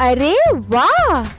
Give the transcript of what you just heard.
अरे वाह